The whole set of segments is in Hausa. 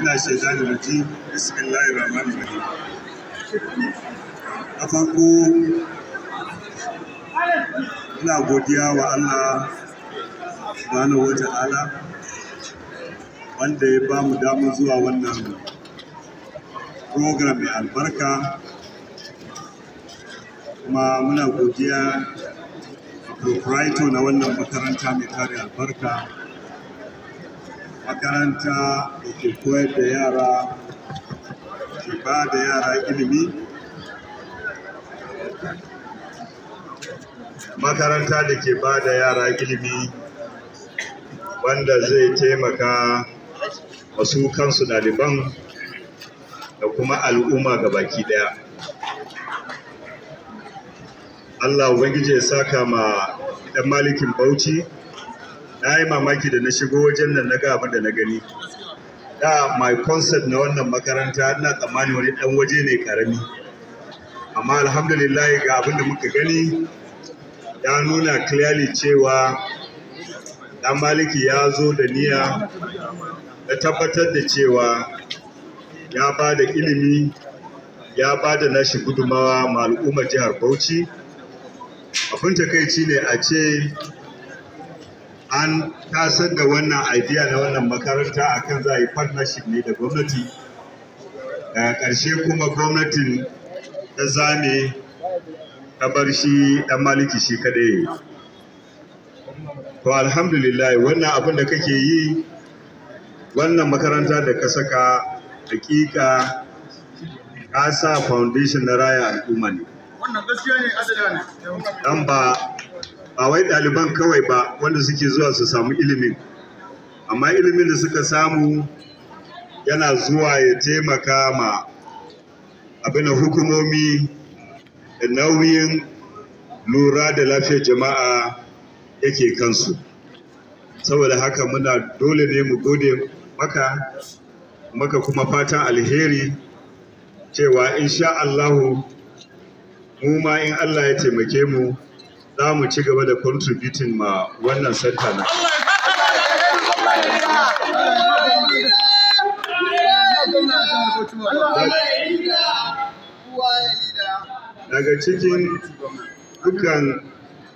ina shaidani raji bismillahi rahmani rahim na farko ina godiya wa Allah subhanahu wa ta'ala wanda ya ba mu damar zuwa wannan program mai albarka kuma muna godiya proprietor na wannan makaranta mai tare albarka makaranta da ke koyar da yara ke ba da yara ilimi makaranta da ke ba da yara ilimi wanda zai taimaka wasu kansu ɗaliban da kuma al'umma ga baki ɗaya Allah Ubangiji ya saka ma ɗan malikin Bauchi na yi mamaki da na shigo wajen nan na ga abin da na gani da my concept na wannan makaranta ina tsammani wani dan waje ne karami amma alhamdulillah ga abin da muka gani ya nuna clearly cewa dan maliki ya zo da niyya da tabbatar da cewa ya ba da ilimi ya ba da nashi gudumawa ma al'ummar jihar bauchi abin takaici ne a ce an kasar da wannan idea na wannan makaranta a kan za a yi partnership ne da gwamnati daga ƙarshe kuma gwamnatin ta zame ta bar shi ɗan maliki shi kaɗai to alhamdulillah wannan abin da kake yi wannan makaranta da ka saka hakika ka sa foundation na raya al'umma ne wannan gaskiya ne ba ba wai ɗaliban kawai ba wanda suke zuwa su samu ilimin amma ilimin da suka samu yana zuwa ya taimaka ma abin hukumomi da nauyin lura da lafiyar jama'a yake kansu saboda haka muna dole ne mu gode maka maka kuma fatan alheri cewa insha Allahu mu ma in Allah ya taimake mu za mu ci gaba da contributing ma wannan center na daga cikin dukkan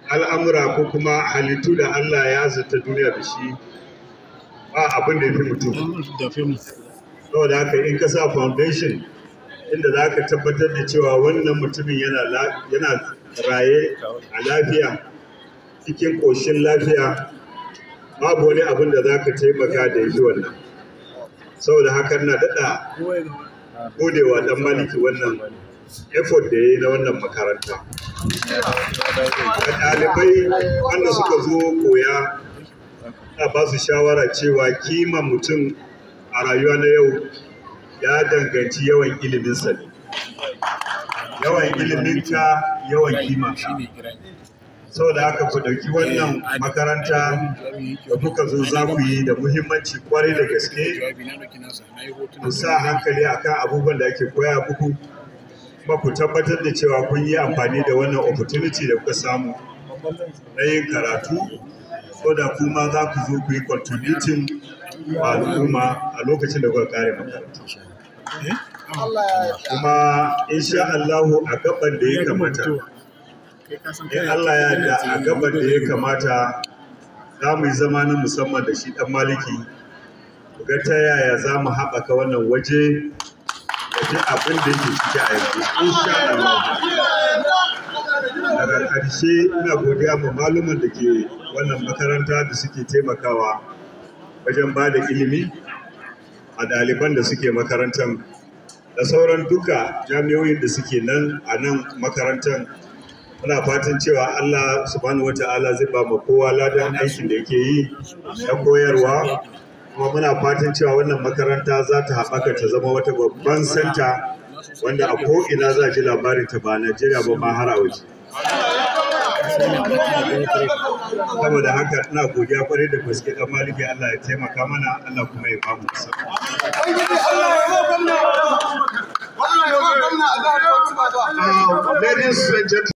al'amura ko kuma halittu da Allah ya zata duniya da shi ba abin da ya fi mutum saboda haka in ka sa foundation inda za ka tabbatar da cewa wannan mutumin yana raye a lafiya cikin ƙoshin lafiya babu wani abin da za ka taimaka da yi wannan saboda hakan na daɗa godewa ɗan maliki wannan effort da ya yi na wannan makaranta ɗalibai wanda suka zo koya a ba su shawara cewa kima mutum a rayuwa na yau ya danganci yawan iliminsa ne yawan iliminta yawan kima saboda aka ku ɗauki eh, wannan makaranta da kuka zo za ku yi da muhimmanci kwarai da gaske ku sa hankali akan abubuwan da ake koya muku kuma ku tabbatar da cewa kun yi amfani da wannan opportunity da kuka samu na yin karatu so da kuma za ku zo ku yi contributing al'umma a lokacin da kuka kare makaranta. kuma insha Allahu a gaban da ya kamata in Allah ya da a gaban da ya kamata za mu yi zama na musamman da shi dan maliki ga ta yaya za mu haɓaka wannan waje da ji abin da yake ciki a yanzu insha Allah daga ƙarshe ina godiya ma maluman da ke wannan makaranta da suke taimakawa wajen ba da ilimi a ɗaliban da suke makarantar da sauran duka jami'o'in da suke nan a nan makarantar muna fatan cewa Allah subhanahu Ta'ala zai ba mu kowa ladan aikin da yake yi na koyarwa kuma muna fatan cewa wannan makaranta za ta haɓaka ta zama wata babban santa wanda a ko'ina za a ji labarin ta ba Najeriya ba ma har a waje. saboda haka ina godiya kwarai da gaske dan maliki Allah ya taimaka mana Allah kuma ya ba mu ah, Ladies and gentlemen